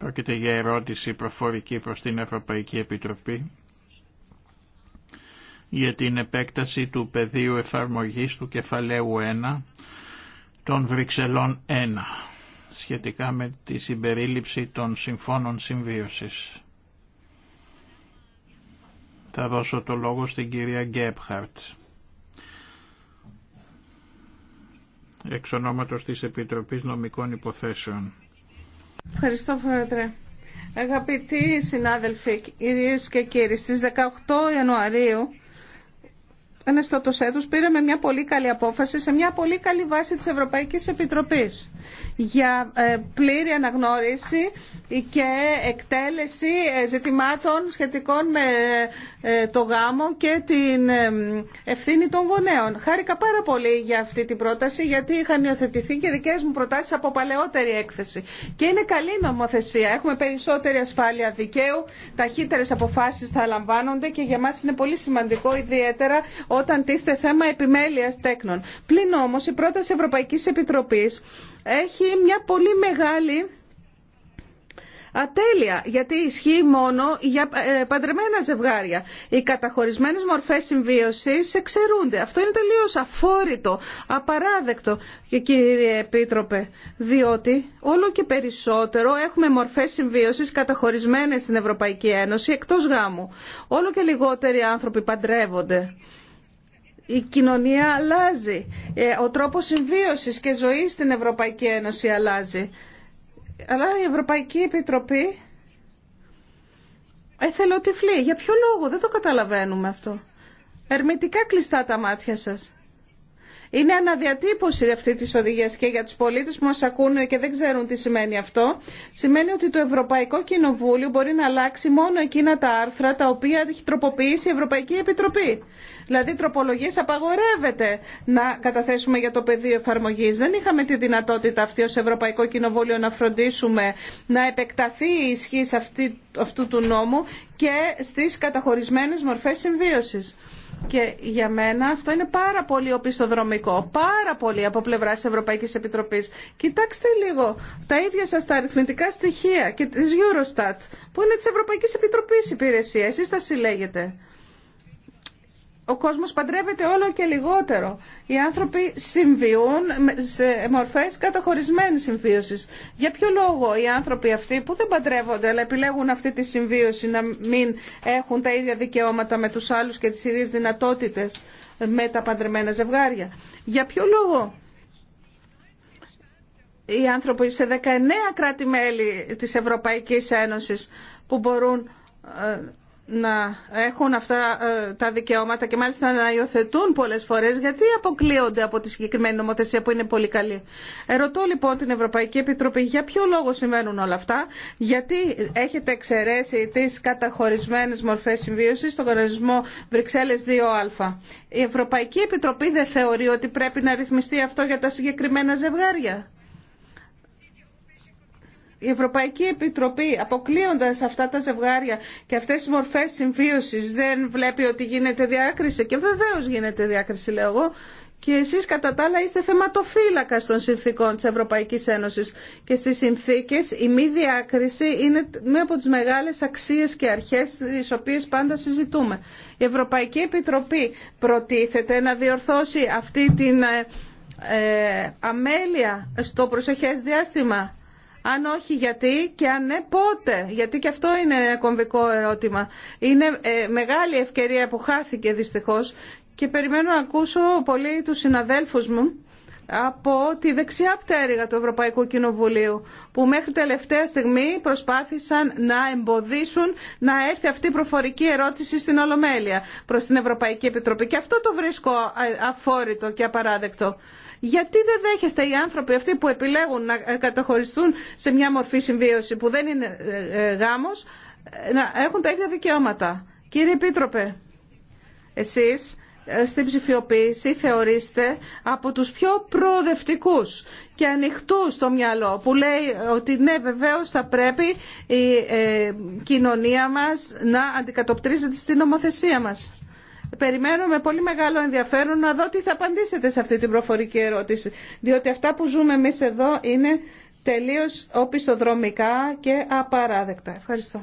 Πρόκειται για ερώτηση προφορική προς την Ευρωπαϊκή Επιτροπή για την επέκταση του πεδίου εφαρμογής του κεφαλαίου 1 των Βρυξελών 1 σχετικά με τη συμπερίληψη των συμφώνων συμβίωσης. Θα δώσω το λόγο στην κυρία Γκέπχαρτ. Εξ ονόματος της Επιτροπής Νομικών Υποθέσεων. Ευχαριστώ, Πρόεδρε. Αγαπητοί συνάδελφοι, κύριε και κύριοι, στι 18 Ιανουαρίου ενεστώτος έτους πήραμε μια πολύ καλή απόφαση σε μια πολύ καλή βάση της Ευρωπαϊκής Επιτροπής για ε, πλήρη αναγνώριση και εκτέλεση ε, ζητημάτων σχετικών με ε, το γάμο και την ευθύνη των γονέων. Χάρηκα πάρα πολύ για αυτή την πρόταση γιατί είχαν υιοθετηθεί και δικές μου προτάσεις από παλαιότερη έκθεση. Και είναι καλή νομοθεσία. Έχουμε περισσότερη ασφάλεια δικαίου, ταχύτερες αποφάσεις θα λαμβάνονται και για μας είναι πολύ σημαντικό ιδιαίτερα όταν τίθεται θέμα επιμέλειας τέκνων. Πλην όμως η πρόταση Ευρωπαϊκής Επιτροπής έχει μια πολύ μεγάλη ατέλεια, γιατί ισχύει μόνο για ε, παντρεμένα ζευγάρια. Οι καταχωρισμένες μορφές συμβίωσης εξαιρούνται. Αυτό είναι τελείως αφόρητο, απαράδεκτο, κύριε Επίτροπε, διότι όλο και περισσότερο έχουμε μορφές συμβίωσης καταχωρισμένες στην Ευρωπαϊκή Ένωση εκτός γάμου. Όλο και λιγότεροι άνθρωποι παντρεύονται η κοινωνία αλλάζει, ε, ο τρόπος συμβίωσης και ζωής στην Ευρωπαϊκή Ένωση αλλάζει. Αλλά η Ευρωπαϊκή Επιτροπή εθελοτυφλεί. Για ποιο λόγο, δεν το καταλαβαίνουμε αυτό. Ερμητικά κλειστά τα μάτια σας. Είναι αναδιατύπωση αυτή τη οδηγία και για του πολίτε που μα ακούνε και δεν ξέρουν τι σημαίνει αυτό. Σημαίνει ότι το Ευρωπαϊκό Κοινοβούλιο μπορεί να αλλάξει μόνο εκείνα τα άρθρα τα οποία έχει τροποποιήσει η Ευρωπαϊκή Επιτροπή. Δηλαδή τροπολογίε απαγορεύεται να καταθέσουμε για το πεδίο εφαρμογή. Δεν είχαμε τη δυνατότητα αυτή ω Ευρωπαϊκό Κοινοβούλιο να φροντίσουμε να επεκταθεί η ισχύ αυτού του νόμου και στι καταχωρισμένε μορφέ συμβίωση. Και για μένα αυτό είναι πάρα πολύ οπισθοδρομικό, πάρα πολύ από πλευρά τη Ευρωπαϊκή Επιτροπή. Κοιτάξτε λίγο τα ίδια σα τα αριθμητικά στοιχεία και τη Eurostat, που είναι τη Ευρωπαϊκή Επιτροπή υπηρεσία. Εσεί τα συλλέγετε ο κόσμος παντρεύεται όλο και λιγότερο. Οι άνθρωποι συμβιούν σε μορφές καταχωρισμένης συμβίωσης. Για ποιο λόγο οι άνθρωποι αυτοί που δεν παντρεύονται αλλά επιλέγουν αυτή τη συμβίωση να μην έχουν τα ίδια δικαιώματα με τους άλλους και τις ίδιες δυνατότητες με τα παντρεμένα ζευγάρια. Για ποιο λόγο οι άνθρωποι σε 19 κράτη-μέλη της Ευρωπαϊκής Ένωσης που μπορούν ε, να έχουν αυτά ε, τα δικαιώματα και μάλιστα να υιοθετούν πολλές φορές γιατί αποκλείονται από τη συγκεκριμένη νομοθεσία που είναι πολύ καλή. Ερωτώ λοιπόν την Ευρωπαϊκή Επιτροπή για ποιο λόγο συμβαίνουν όλα αυτά, γιατί έχετε εξαιρέσει τις καταχωρισμένες μορφές συμβίωσης στον κανονισμό Βρυξέλλες 2α. Η Ευρωπαϊκή Επιτροπή δεν θεωρεί ότι πρέπει να ρυθμιστεί αυτό για τα συγκεκριμένα ζευγάρια η Ευρωπαϊκή Επιτροπή αποκλείοντας αυτά τα ζευγάρια και αυτές τις μορφές συμβίωσης δεν βλέπει ότι γίνεται διάκριση και βεβαίως γίνεται διάκριση λέω εγώ και εσείς κατά τα άλλα είστε θεματοφύλακα των συνθήκων της Ευρωπαϊκής Ένωσης και στις συνθήκες η μη διάκριση είναι μία από τις μεγάλες αξίες και αρχές τις οποίες πάντα συζητούμε. Η Ευρωπαϊκή Επιτροπή προτίθεται να διορθώσει αυτή την ε, ε, αμέλεια στο προσεχές διάστημα αν όχι γιατί και αν ναι πότε. Γιατί και αυτό είναι ένα κομβικό ερώτημα. Είναι ε, μεγάλη ευκαιρία που χάθηκε δυστυχώς και περιμένω να ακούσω πολλοί τους συναδέλφους μου από τη δεξιά πτέρυγα του Ευρωπαϊκού Κοινοβουλίου που μέχρι τελευταία στιγμή προσπάθησαν να εμποδίσουν να έρθει αυτή η προφορική ερώτηση στην Ολομέλεια προς την Ευρωπαϊκή Επιτροπή. Και αυτό το βρίσκω ε, αφόρητο και απαράδεκτο. Γιατί δεν δέχεστε οι άνθρωποι αυτοί που επιλέγουν να ε, καταχωριστούν σε μια μορφή συμβίωση που δεν είναι ε, ε, γάμος να έχουν τα ίδια δικαιώματα. Κύριε Επίτροπε, εσείς στην ψηφιοποίηση θεωρείστε από τους πιο προοδευτικούς και ανοιχτού στο μυαλό που λέει ότι ναι βεβαίως θα πρέπει η κοινωνία μας να αντικατοπτρίζεται στην νομοθεσία μας. Περιμένω με πολύ μεγάλο ενδιαφέρον να δω τι θα απαντήσετε σε αυτή την προφορική ερώτηση. Διότι αυτά που ζούμε εμείς εδώ είναι τελείως οπισθοδρομικά και απαράδεκτα. Ευχαριστώ.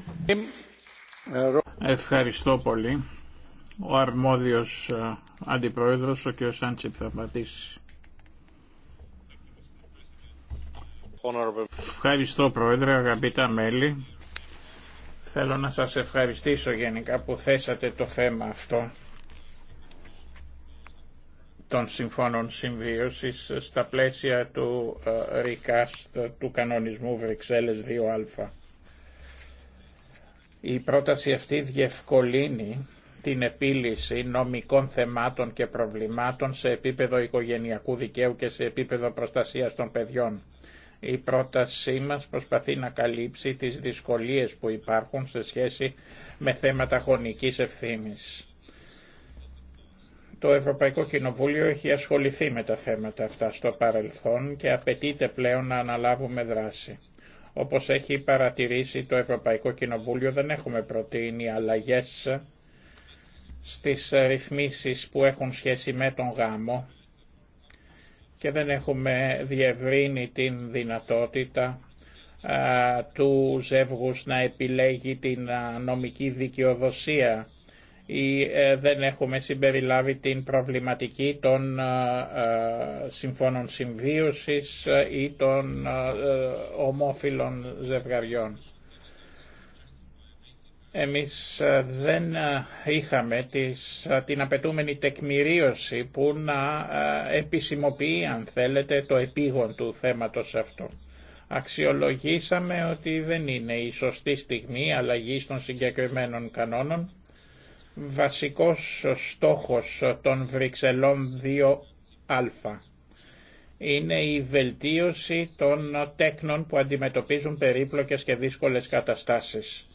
Ευχαριστώ πολύ. Ο αρμόδιος ε, αντιπρόεδρος, ο κ. Σάντσιπ, θα απαντήσει. Ευχαριστώ Πρόεδρε, αγαπητά μέλη. Θέλω να σας ευχαριστήσω γενικά που θέσατε το θέμα αυτό των συμφώνων συμβίωσης στα πλαίσια του ΡΙΚΑΣΤ ε, ε, του κανονισμού Βρυξέλλες 2α. Η πρόταση αυτή διευκολύνει την επίλυση νομικών θεμάτων και προβλημάτων σε επίπεδο οικογενειακού δικαίου και σε επίπεδο προστασίας των παιδιών. Η πρότασή μας προσπαθεί να καλύψει τις δυσκολίες που υπάρχουν σε σχέση με θέματα γονικής ευθύνης. Το Ευρωπαϊκό Κοινοβούλιο έχει ασχοληθεί με τα θέματα αυτά στο παρελθόν και απαιτείται πλέον να αναλάβουμε δράση. Όπως έχει παρατηρήσει το Ευρωπαϊκό Κοινοβούλιο δεν έχουμε προτείνει αλλαγές στις ρυθμίσεις που έχουν σχέση με τον γάμο και δεν έχουμε διευρύνει την δυνατότητα του ζεύγους να επιλέγει την νομική δικαιοδοσία ή ε, δεν έχουμε συμπεριλάβει την προβληματική των ε, ε, συμφώνων συμβίωσης ή των ομόφυλων ζευγαριών. Εμείς δεν είχαμε τις, την απαιτούμενη τεκμηρίωση που να επισημοποιεί, αν θέλετε, το επίγον του θέματος αυτό. Αξιολογήσαμε ότι δεν είναι η σωστή στιγμή αλλαγή των συγκεκριμένων κανόνων βασικός στόχος των Βρυξελών 2α είναι η βελτίωση των τέκνων που αντιμετωπίζουν περίπλοκες και δύσκολες καταστάσεις.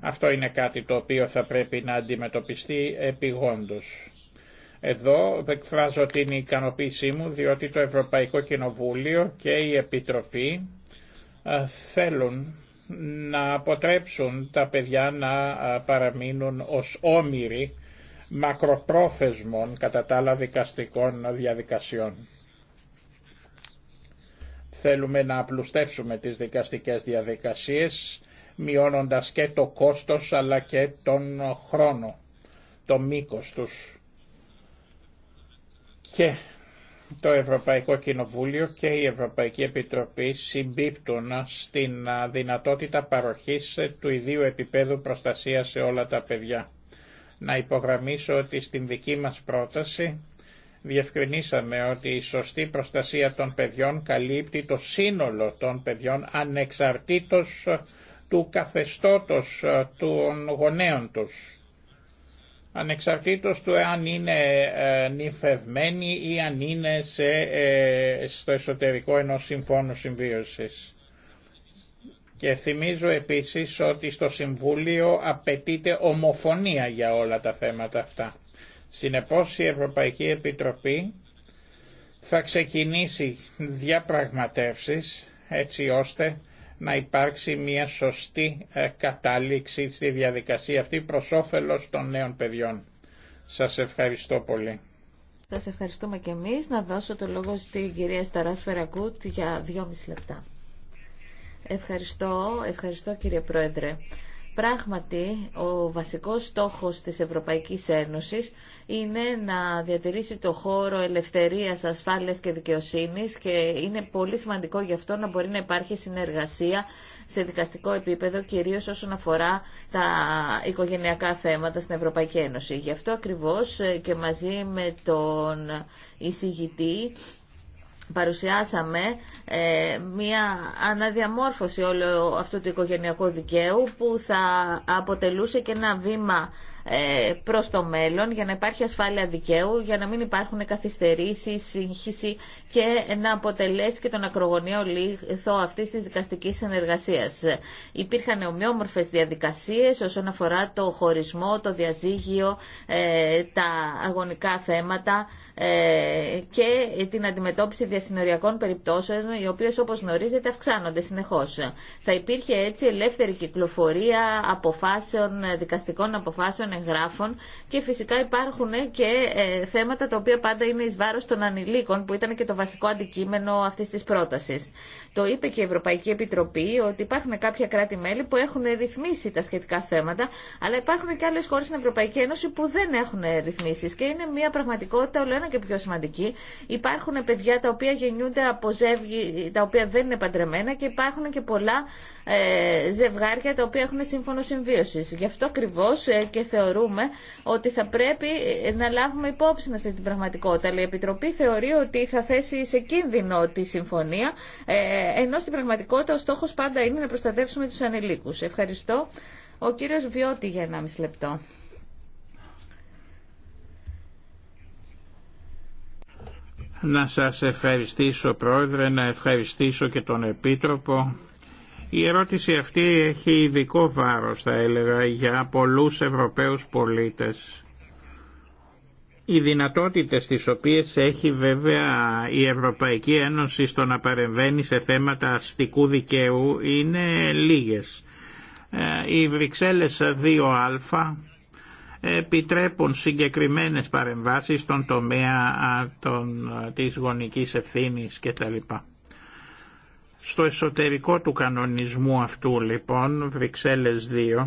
Αυτό είναι κάτι το οποίο θα πρέπει να αντιμετωπιστεί επιγόντως. Εδώ εκφράζω την ικανοποίησή μου διότι το Ευρωπαϊκό Κοινοβούλιο και η Επιτροπή ε, θέλουν να αποτρέψουν τα παιδιά να παραμείνουν ως όμοιροι μακροπρόθεσμων κατά τα άλλα δικαστικών διαδικασιών. Θέλουμε να απλουστεύσουμε τις δικαστικές διαδικασίες μειώνοντας και το κόστος αλλά και τον χρόνο, το μήκος τους. Και το Ευρωπαϊκό Κοινοβούλιο και η Ευρωπαϊκή Επιτροπή συμπίπτουν στην δυνατότητα παροχής ε, του ιδίου επίπεδου προστασίας σε όλα τα παιδιά. Να υπογραμμίσω ότι στην δική μας πρόταση διευκρινίσαμε ότι η σωστή προστασία των παιδιών καλύπτει το σύνολο των παιδιών ανεξαρτήτως ε, του καθεστώτος ε, των γονέων τους ανεξαρτήτως του εάν είναι νηφευμένοι ή αν είναι στο εσωτερικό είναι νυφευμένοι ή αν είναι σε, ε, στο εσωτερικό ενός συμφώνου συμβίωσης. Και θυμίζω επίσης ότι στο Συμβούλιο απαιτείται ομοφωνία για όλα τα θέματα αυτά. Συνεπώς η Ευρωπαϊκή Επιτροπή θα ξεκινήσει διαπραγματεύσεις έτσι ώστε να υπάρξει μια σωστή ε, κατάληξη στη διαδικασία αυτή προς όφελος των νέων παιδιών. Σας ευχαριστώ πολύ. Σας ευχαριστούμε και εμείς. Να δώσω το λόγο στην κυρία Σταράς Φερακούτ για δυόμιση λεπτά. Ευχαριστώ, ευχαριστώ κύριε Πρόεδρε. Πράγματι, ο βασικός στόχος της Ευρωπαϊκής Ένωσης είναι να διατηρήσει το χώρο ελευθερίας, ασφάλειας και δικαιοσύνης και είναι πολύ σημαντικό γι' αυτό να μπορεί να υπάρχει συνεργασία σε δικαστικό επίπεδο, κυρίως όσον αφορά τα οικογενειακά θέματα στην Ευρωπαϊκή Ένωση. Γι' αυτό ακριβώς και μαζί με τον εισηγητή παρουσιάσαμε ε, μία αναδιαμόρφωση όλου αυτού του οικογενειακού δικαίου που θα αποτελούσε και ένα βήμα ε, προς το μέλλον για να υπάρχει ασφάλεια δικαίου, για να μην υπάρχουν καθυστερήσεις, σύγχυση και να αποτελέσει και τον ακρογωνίο λίθο αυτής της δικαστικής συνεργασία. Υπήρχαν ομοιόμορφες διαδικασίες όσον αφορά το χωρισμό, το διαζύγιο, ε, τα αγωνικά θέματα ε, και την αντιμετώπιση διασυνοριακών περιπτώσεων, οι οποίες όπως γνωρίζετε αυξάνονται συνεχώς. Θα υπήρχε έτσι ελεύθερη κυκλοφορία αποφάσεων, δικαστικών αποφάσεων, εγγράφων και φυσικά υπάρχουν και ε, θέματα τα οποία πάντα είναι εις βάρος των ανηλίκων που ήταν και το βασικό αντικείμενο αυτής της πρότασης. Το είπε και η Ευρωπαϊκή Επιτροπή ότι υπάρχουν κάποια κράτη-μέλη που έχουν ρυθμίσει τα σχετικά θέματα, αλλά υπάρχουν και άλλε χώρε στην Ευρωπαϊκή Ένωση που δεν έχουν ρυθμίσει και είναι μια πραγματικότητα και πιο σημαντική. Υπάρχουν παιδιά τα οποία γεννιούνται από ζεύγη, τα οποία δεν είναι παντρεμένα και υπάρχουν και πολλά ε, ζευγάρια τα οποία έχουν σύμφωνο συμβίωση. Γι' αυτό ακριβώ ε, και θεωρούμε ότι θα πρέπει ε, να λάβουμε υπόψη αυτή την πραγματικότητα. η Επιτροπή θεωρεί ότι θα θέσει σε κίνδυνο τη συμφωνία, ενώ στην πραγματικότητα ο στόχο πάντα είναι να προστατεύσουμε του ανηλίκου. Ευχαριστώ. Ο κύριος Βιώτη για 1,5 λεπτό. Να σας ευχαριστήσω Πρόεδρε, να ευχαριστήσω και τον Επίτροπο. Η ερώτηση αυτή έχει ειδικό βάρος θα έλεγα για πολλούς Ευρωπαίους πολίτες. Οι δυνατότητες τις οποίες έχει βέβαια η Ευρωπαϊκή Ένωση στο να παρεμβαίνει σε θέματα αστικού δικαίου είναι λίγες. Ε, οι Βρυξέλλες 2α επιτρέπουν συγκεκριμένες παρεμβάσεις στον τομέα των, της γονικής ευθύνης κτλ. Στο εσωτερικό του κανονισμού αυτού λοιπόν, Βρυξέλλες 2,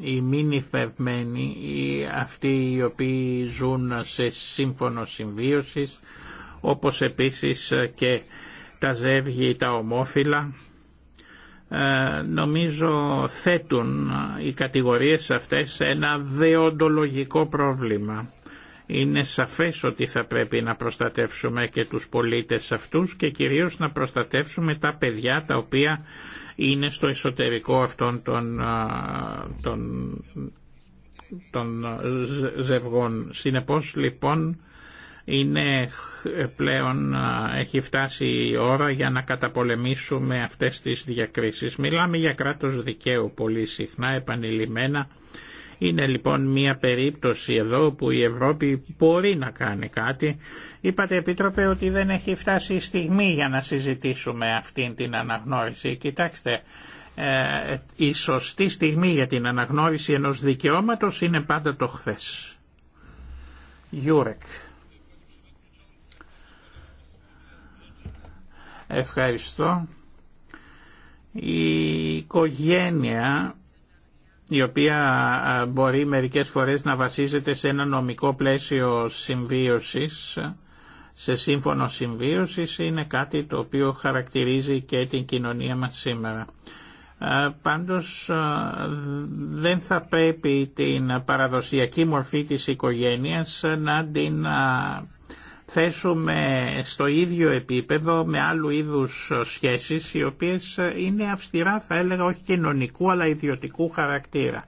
οι μη νυφευμένοι αυτοί οι οποίοι ζουν σε σύμφωνο συμβίωσης, όπως επίσης και τα ζεύγη τα ομόφυλα, ε, νομίζω θέτουν οι κατηγορίες αυτές ένα δεοντολογικό πρόβλημα. Είναι σαφές ότι θα πρέπει να προστατεύσουμε και τους πολίτες αυτούς και κυρίως να προστατεύσουμε τα παιδιά τα οποία είναι στο εσωτερικό αυτών των, ε, των, των ε, ζευγών. Συνεπώς λοιπόν είναι πλέον, έχει φτάσει η ώρα για να καταπολεμήσουμε αυτές τις διακρίσεις. Μιλάμε για κράτος δικαίου πολύ συχνά, επανειλημμένα. Είναι λοιπόν μια περίπτωση εδώ που η Ευρώπη μπορεί να κάνει κάτι. Είπατε Επίτροπε ότι δεν έχει φτάσει η στιγμή για να συζητήσουμε αυτήν την αναγνώριση. Κοιτάξτε, ε, η σωστή στιγμή για την αναγνώριση ενός δικαιώματος είναι πάντα το χθες. Γιούρεκ. Ευχαριστώ. Η οικογένεια η οποία μπορεί μερικές φορές να βασίζεται σε ένα νομικό πλαίσιο συμβίωσης, σε σύμφωνο συμβίωσης, είναι κάτι το οποίο χαρακτηρίζει και την κοινωνία μας σήμερα. Πάντως δεν θα πρέπει την παραδοσιακή μορφή της οικογένειας να την θέσουμε στο ίδιο επίπεδο με άλλου είδους σχέσεις οι οποίες είναι αυστηρά θα έλεγα όχι κοινωνικού αλλά ιδιωτικού χαρακτήρα.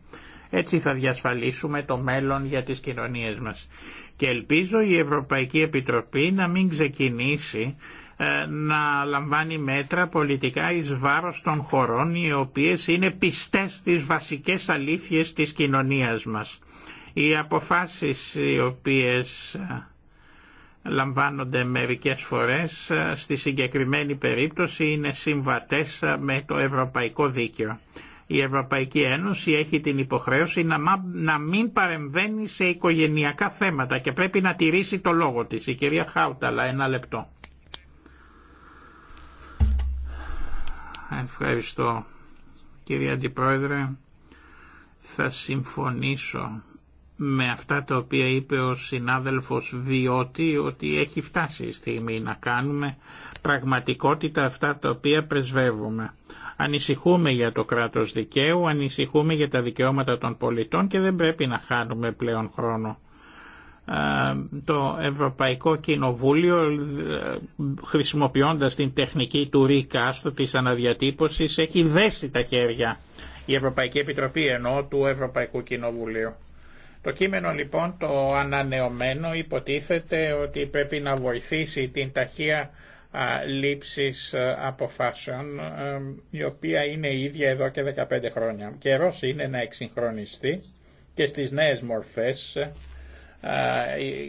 Έτσι θα διασφαλίσουμε το μέλλον για τις κοινωνίες μας. Και ελπίζω η Ευρωπαϊκή Επιτροπή να μην ξεκινήσει ε, να λαμβάνει μέτρα πολιτικά εις βάρος των χωρών οι οποίες είναι πιστές στις βασικές αλήθειες της κοινωνίας μας. Οι αποφάσεις οι οποίες ε, λαμβάνονται μερικές φορές ε, στη συγκεκριμένη περίπτωση είναι συμβατές ε, με το ευρωπαϊκό δίκαιο. Η Ευρωπαϊκή Ένωση έχει την υποχρέωση να μην παρεμβαίνει σε οικογενειακά θέματα και πρέπει να τηρήσει το λόγο της. Η κυρία Χάουταλα, ένα λεπτό. Ευχαριστώ. Κύριε Αντιπρόεδρε, θα συμφωνήσω με αυτά τα οποία είπε ο συνάδελφος Βιώτη ότι έχει φτάσει η στιγμή να κάνουμε πραγματικότητα αυτά τα οποία πρεσβεύουμε. Ανησυχούμε για το κράτος δικαίου, ανησυχούμε για τα δικαιώματα των πολιτών και δεν πρέπει να χάνουμε πλέον χρόνο. Ε, το Ευρωπαϊκό Κοινοβούλιο ε, χρησιμοποιώντας την τεχνική του recast της αναδιατύπωσης έχει δέσει τα χέρια η Ευρωπαϊκή Επιτροπή ενώ του Ευρωπαϊκού Κοινοβουλίου. Το κείμενο λοιπόν το ανανεωμένο υποτίθεται ότι πρέπει να βοηθήσει την ταχεία λήψης αποφάσεων η οποία είναι ίδια εδώ και 15 χρόνια. Καιρός είναι να εξυγχρονιστεί και στις νέες μορφές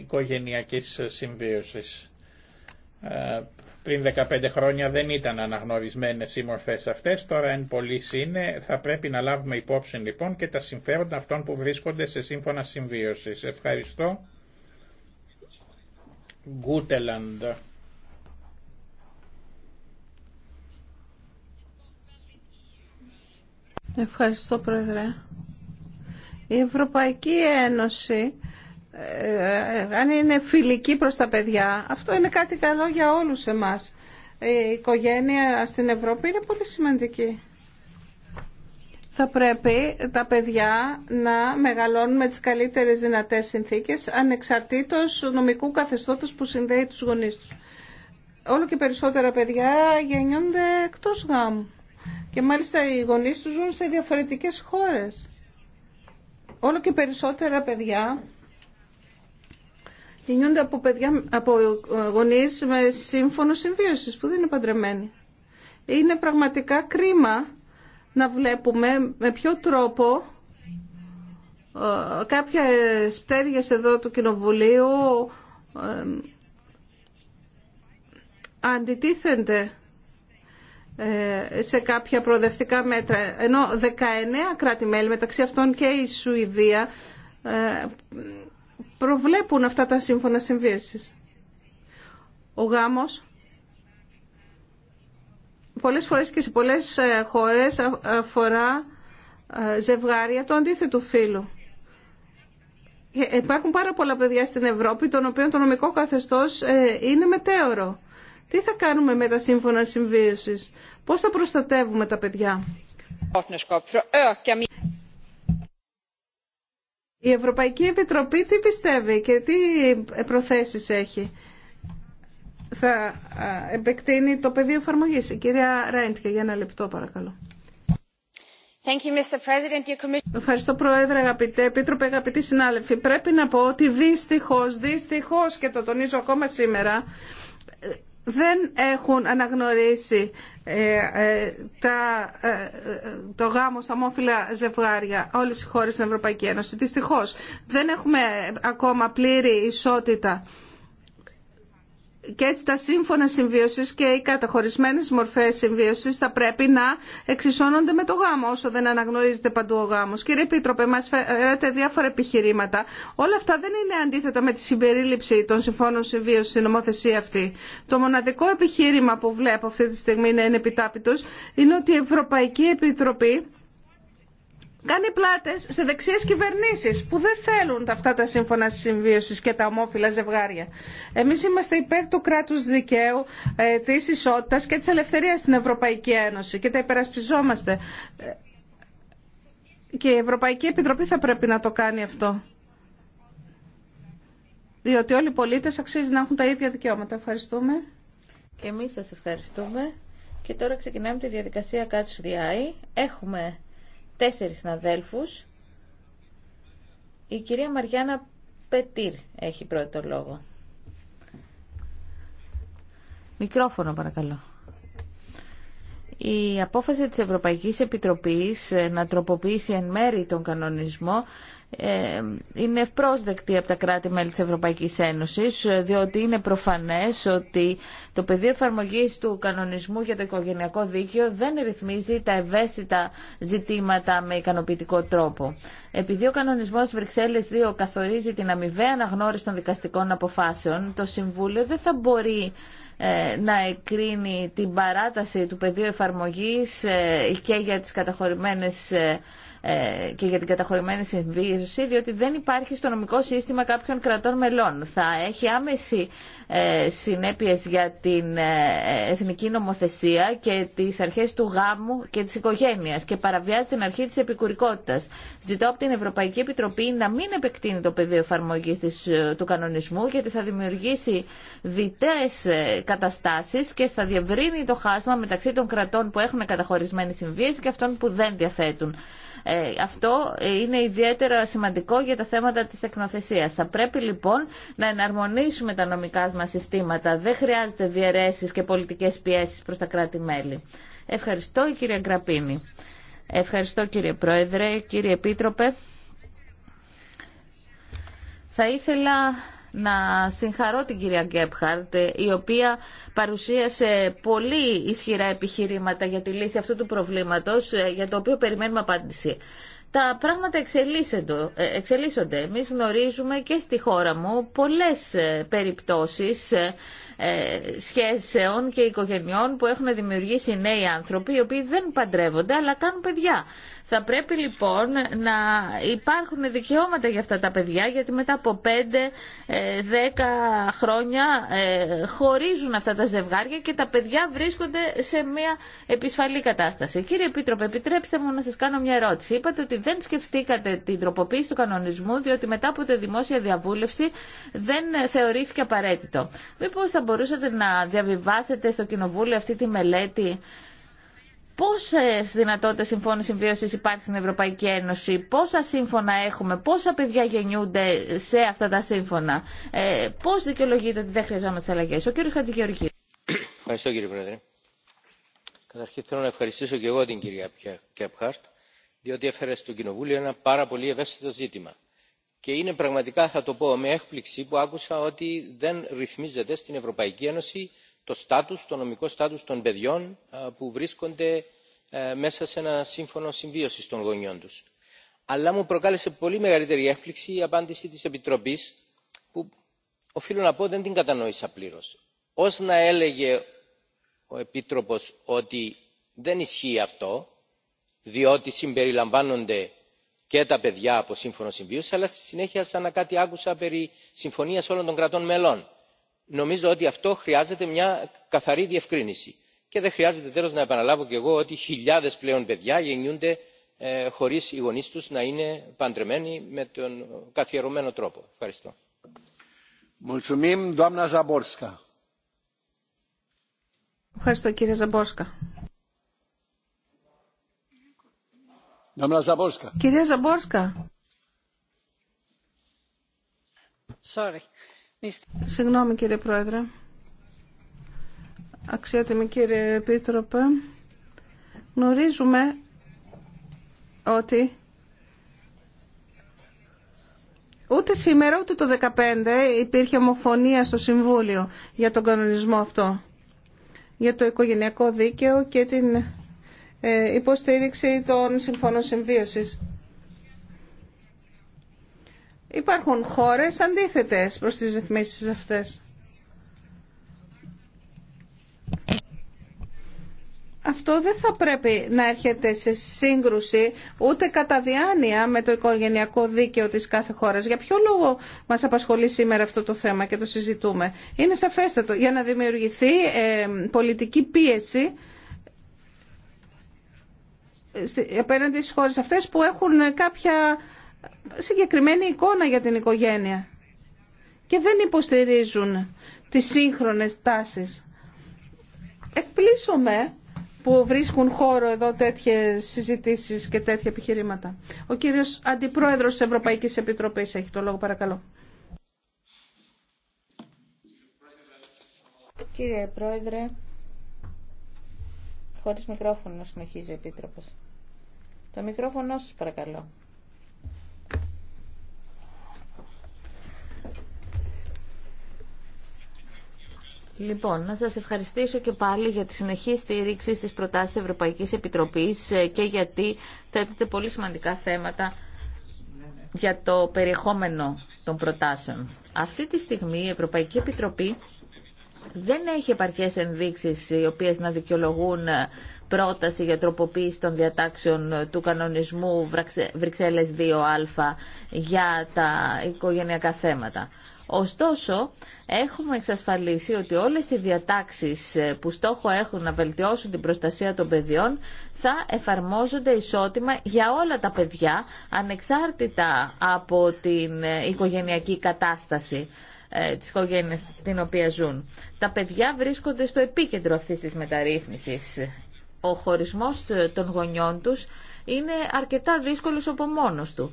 οικογενειακής συμβίωσης. Πριν 15 χρόνια δεν ήταν αναγνωρισμένες οι μορφές αυτές, τώρα εν πολλής είναι, θα πρέπει να λάβουμε υπόψη λοιπόν και τα συμφέροντα αυτών που βρίσκονται σε σύμφωνα συμβίωσης. Ευχαριστώ. Γκούτελαντ. Ευχαριστώ Πρόεδρε. Η Ευρωπαϊκή Ένωση αν είναι φιλική προς τα παιδιά, αυτό είναι κάτι καλό για όλους εμάς. Η οικογένεια στην Ευρώπη είναι πολύ σημαντική. Θα πρέπει τα παιδιά να μεγαλώνουν με τις καλύτερες δυνατές συνθήκες, ανεξαρτήτως νομικού καθεστώτος που συνδέει τους γονείς τους. Όλο και περισσότερα παιδιά γεννιούνται εκτός γάμου. Και μάλιστα οι γονείς τους ζουν σε διαφορετικές χώρες. Όλο και περισσότερα παιδιά γεννιούνται από, παιδιά, από ε, γονείς με σύμφωνο συμβίωσης που δεν είναι παντρεμένοι. Είναι πραγματικά κρίμα να βλέπουμε με ποιο τρόπο ε, κάποια πτέρυγες εδώ του Κοινοβουλίου αντιτίθενται ε, σε κάποια προοδευτικά μέτρα. Ενώ 19 κράτη-μέλη, μεταξύ αυτών και η Σουηδία, προβλέπουν αυτά τα σύμφωνα συμβίωσης. Ο γάμος πολλές φορές και σε πολλές ε, χώρες αφορά ε, ζευγάρια του αντίθετου φύλου. Ε, υπάρχουν πάρα πολλά παιδιά στην Ευρώπη, των οποίων το νομικό καθεστώς είναι μετέωρο. Τι θα κάνουμε με τα σύμφωνα συμβίωσης, πώς θα προστατεύουμε τα παιδιά. Η Ευρωπαϊκή Επιτροπή τι πιστεύει και τι προθέσεις έχει. Θα επεκτείνει το πεδίο εφαρμογή. κυρία Ράιντκε, για ένα λεπτό παρακαλώ. Ευχαριστώ Πρόεδρε, αγαπητέ Επίτροπε, αγαπητοί συνάδελφοι. Πρέπει να πω ότι δυστυχώς, δυστυχώς και το τονίζω ακόμα σήμερα, δεν έχουν αναγνωρίσει ε, ε, τα, ε, το γάμο στα μόφυλα ζευγάρια όλες οι χώρες στην Ευρωπαϊκή Ένωση. Δυστυχώς δεν έχουμε ακόμα πλήρη ισότητα και έτσι τα σύμφωνα συμβίωσης και οι καταχωρισμένε μορφές συμβίωσης θα πρέπει να εξισώνονται με το γάμο όσο δεν αναγνωρίζεται παντού ο γάμο. Κύριε Επίτροπε, μα φέρατε διάφορα επιχειρήματα. Όλα αυτά δεν είναι αντίθετα με τη συμπερίληψη των συμφώνων συμβίωσης στην νομοθεσία αυτή. Το μοναδικό επιχείρημα που βλέπω αυτή τη στιγμή να είναι επιτάπητο είναι ότι η Ευρωπαϊκή Επιτροπή κάνει πλάτε σε δεξιέ κυβερνήσει που δεν θέλουν αυτά τα σύμφωνα συμβίωση και τα ομόφυλα ζευγάρια. Εμεί είμαστε υπέρ του κράτου δικαίου, ε, τη ισότητα και τη ελευθερία στην Ευρωπαϊκή Ένωση και τα υπερασπιζόμαστε. Ε, και η Ευρωπαϊκή Επιτροπή θα πρέπει να το κάνει αυτό. Διότι όλοι οι πολίτες αξίζουν να έχουν τα ίδια δικαιώματα. Ευχαριστούμε. Και εμείς σας ευχαριστούμε. Και τώρα ξεκινάμε τη διαδικασία Catch the Eye. Έχουμε τέσσερις συναδέλφους. Η κυρία Μαριάννα Πετήρ έχει πρώτο λόγο. Μικρόφωνο παρακαλώ. Η απόφαση της Ευρωπαϊκής Επιτροπής να τροποποιήσει εν μέρη τον κανονισμό ε, είναι ευπρόσδεκτη από τα κράτη-μέλη της Ευρωπαϊκής Ένωσης, διότι είναι προφανές ότι το πεδίο εφαρμογής του κανονισμού για το οικογενειακό δίκαιο δεν ρυθμίζει τα ευαίσθητα ζητήματα με ικανοποιητικό τρόπο. Επειδή ο κανονισμός Βρυξέλλες 2 καθορίζει την αμοιβαία αναγνώριση των δικαστικών αποφάσεων, το Συμβούλιο δεν θα μπορεί ε, να εκρίνει την παράταση του πεδίου εφαρμογής ε, και για τις καταχωρημένες ε, και για την καταχωρημένη συμβίωση, διότι δεν υπάρχει στο νομικό σύστημα κάποιων κρατών μελών. Θα έχει άμεση συνέπειες για την εθνική νομοθεσία και τις αρχές του γάμου και της οικογένειας και παραβιάζει την αρχή της επικουρικότητας. Ζητώ από την Ευρωπαϊκή Επιτροπή να μην επεκτείνει το πεδίο εφαρμογή του κανονισμού γιατί θα δημιουργήσει διτές καταστάσεις και θα διευρύνει το χάσμα μεταξύ των κρατών που έχουν καταχωρισμένη συμβίωση και αυτών που δεν διαθέτουν. Ε, αυτό είναι ιδιαίτερα σημαντικό για τα θέματα της τεκνοθεσίας. Θα πρέπει λοιπόν να εναρμονίσουμε τα νομικά μας συστήματα. Δεν χρειάζεται διαιρέσεις και πολιτικές πιέσεις προς τα κράτη-μέλη. Ευχαριστώ η κυρία Γκραπίνη. Ευχαριστώ κύριε Πρόεδρε, κύριε Επίτροπε. Θα ήθελα να συγχαρώ την κυρία Γκέπχαρτ, η οποία παρουσίασε πολύ ισχυρά επιχειρήματα για τη λύση αυτού του προβλήματος, ε, για το οποίο περιμένουμε απάντηση. Τα πράγματα ε, εξελίσσονται. Εμεί Εμείς γνωρίζουμε και στη χώρα μου πολλές ε, περιπτώσεις σχέσεων και οικογενειών που έχουν δημιουργήσει νέοι άνθρωποι οι οποίοι δεν παντρεύονται αλλά κάνουν παιδιά. Θα πρέπει λοιπόν να υπάρχουν δικαιώματα για αυτά τα παιδιά γιατί μετά από 5-10 ε, χρόνια ε, χωρίζουν αυτά τα ζευγάρια και τα παιδιά βρίσκονται σε μια επισφαλή κατάσταση. Κύριε Επίτροπε, επιτρέψτε μου να σας κάνω μια ερώτηση. Είπατε ότι δεν σκεφτήκατε την τροποποίηση του κανονισμού διότι μετά από τη δημόσια διαβούλευση δεν θεωρήθηκε απαραίτητο. Μήπω θα μπορούσατε να διαβιβάσετε στο Κοινοβούλιο αυτή τη μελέτη πόσε δυνατότητε συμφώνου συμβίωση υπάρχει στην Ευρωπαϊκή Ένωση, πόσα σύμφωνα έχουμε, πόσα παιδιά γεννιούνται σε αυτά τα σύμφωνα, ε, πώς δικαιολογείται ότι δεν χρειαζόμαστε αλλαγέ. Ο κύριος Χατζηγεωργίου. Ευχαριστώ κύριε Πρόεδρε. Καταρχήν θέλω να ευχαριστήσω και εγώ την κυρία Κέπχαρτ, διότι έφερε στο Κοινοβούλιο ένα πάρα πολύ ευαίσθητο ζήτημα. Και είναι πραγματικά, θα το πω με έκπληξη, που άκουσα ότι δεν ρυθμίζεται στην Ευρωπαϊκή Ένωση το, νομικό στάτους των παιδιών ε, που βρίσκονται ε, μέσα σε ένα σύμφωνο συμβίωσης των γονιών τους. Αλλά μου προκάλεσε πολύ μεγαλύτερη έκπληξη η απάντηση της Επιτροπής που οφείλω να πω δεν την κατανόησα πλήρως. Ως να έλεγε ο Επίτροπος ότι δεν ισχύει αυτό διότι συμπεριλαμβάνονται και τα παιδιά από σύμφωνο συμβίωση αλλά στη συνέχεια σαν να κάτι άκουσα περί συμφωνίας όλων των κρατών μελών νομίζω ότι αυτό χρειάζεται μια καθαρή διευκρίνηση και δεν χρειάζεται τέλος να επαναλάβω και εγώ ότι χιλιάδες πλέον παιδιά γεννιούνται ε, χωρίς οι γονείς τους να είναι παντρεμένοι με τον καθιερωμένο τρόπο. Ευχαριστώ. Ευχαριστώ κύριε Sorry. Συγγνώμη κύριε Πρόεδρε. Αξιότιμη κύριε Επίτροπε, γνωρίζουμε ότι ούτε σήμερα ούτε το 2015 υπήρχε ομοφωνία στο Συμβούλιο για τον κανονισμό αυτό, για το οικογενειακό δίκαιο και την ε, υποστήριξη των συμφώνων συμβίωσης. Υπάρχουν χώρες αντίθετες προς τις ρυθμίσεις αυτές. Αυτό δεν θα πρέπει να έρχεται σε σύγκρουση ούτε κατά διάνοια με το οικογενειακό δίκαιο της κάθε χώρας. Για ποιο λόγο μας απασχολεί σήμερα αυτό το θέμα και το συζητούμε. Είναι σαφέστατο για να δημιουργηθεί ε, πολιτική πίεση ε, απέναντι στις χώρες αυτές που έχουν κάποια συγκεκριμένη εικόνα για την οικογένεια και δεν υποστηρίζουν τις σύγχρονες τάσεις. Εκπλήσωμαι που βρίσκουν χώρο εδώ τέτοιες συζητήσεις και τέτοια επιχειρήματα. Ο κύριος Αντιπρόεδρος της Ευρωπαϊκής Επιτροπής έχει το λόγο παρακαλώ. Κύριε Πρόεδρε, χωρίς μικρόφωνο συνεχίζει ο Επίτροπος. Το μικρόφωνο σας παρακαλώ. Λοιπόν, να σας ευχαριστήσω και πάλι για τη συνεχή στήριξη στις προτάσεις Ευρωπαϊκής Επιτροπής ε, και γιατί θέτετε πολύ σημαντικά θέματα για το περιεχόμενο των προτάσεων. Αυτή τη στιγμή η Ευρωπαϊκή Επιτροπή δεν έχει επαρκές ενδείξεις οι οποίες να δικαιολογούν ε, πρόταση για τροποποίηση των διατάξεων του κανονισμού Βρυξέλλες 2α για τα οικογενειακά θέματα. Ωστόσο, έχουμε εξασφαλίσει ότι όλες οι διατάξεις ε, που στόχο έχουν να βελτιώσουν την προστασία των παιδιών θα εφαρμόζονται ισότιμα για όλα τα παιδιά, ανεξάρτητα από την ε, οικογενειακή κατάσταση ε, της οικογένειας την οποία ζουν. Τα παιδιά βρίσκονται στο επίκεντρο αυτής της μεταρρύθμισης. Ο χωρισμός των γονιών τους είναι αρκετά δύσκολος από μόνος του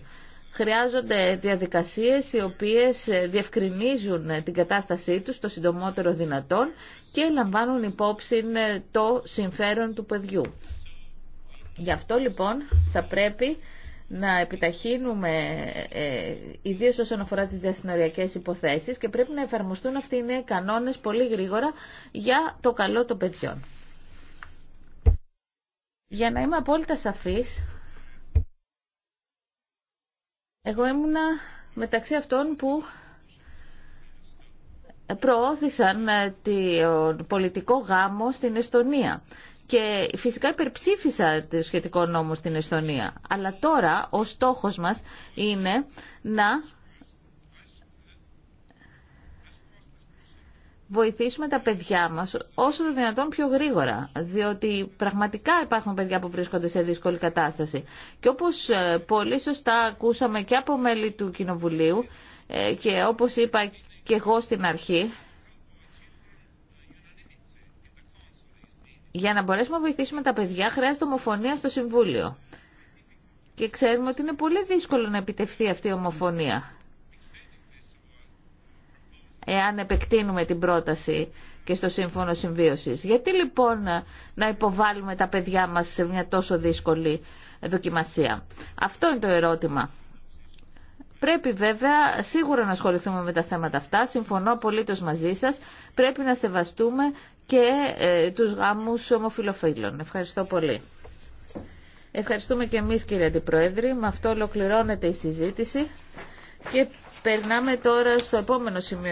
χρειάζονται διαδικασίες οι οποίες διευκρινίζουν την κατάστασή τους το συντομότερο δυνατόν και λαμβάνουν υπόψη το συμφέρον του παιδιού. Γι' αυτό λοιπόν θα πρέπει να επιταχύνουμε ε, ιδίω όσον αφορά τις διασυνοριακές υποθέσεις και πρέπει να εφαρμοστούν αυτοί οι νέοι κανόνες πολύ γρήγορα για το καλό των παιδιών. Για να είμαι απόλυτα σαφής, εγώ ήμουνα μεταξύ αυτών που προώθησαν ε, τον πολιτικό γάμο στην Εστονία. Και φυσικά υπερψήφισα το σχετικό νόμο στην Εστονία. Αλλά τώρα ο στόχος μας είναι να βοηθήσουμε τα παιδιά μα όσο το δυνατόν πιο γρήγορα, διότι πραγματικά υπάρχουν παιδιά που βρίσκονται σε δύσκολη κατάσταση. Και όπω ε, πολύ σωστά ακούσαμε και από μέλη του Κοινοβουλίου ε, και όπω είπα και εγώ στην αρχή, για να μπορέσουμε να βοηθήσουμε τα παιδιά χρειάζεται ομοφωνία στο Συμβούλιο. Και ξέρουμε ότι είναι πολύ δύσκολο να επιτευχθεί αυτή η ομοφωνία εάν επεκτείνουμε την πρόταση και στο Σύμφωνο Συμβίωσης. Γιατί λοιπόν να υποβάλουμε τα παιδιά μας σε μια τόσο δύσκολη δοκιμασία. Αυτό είναι το ερώτημα. Πρέπει βέβαια σίγουρα να ασχοληθούμε με τα θέματα αυτά. Συμφωνώ απολύτως μαζί σας. Πρέπει να σεβαστούμε και ε, τους γάμους ομοφιλοφίλων. Ευχαριστώ πολύ. Ευχαριστούμε και εμείς κύριε Αντιπρόεδρη. Με αυτό ολοκληρώνεται η συζήτηση και περνάμε τώρα στο επόμενο σημείο.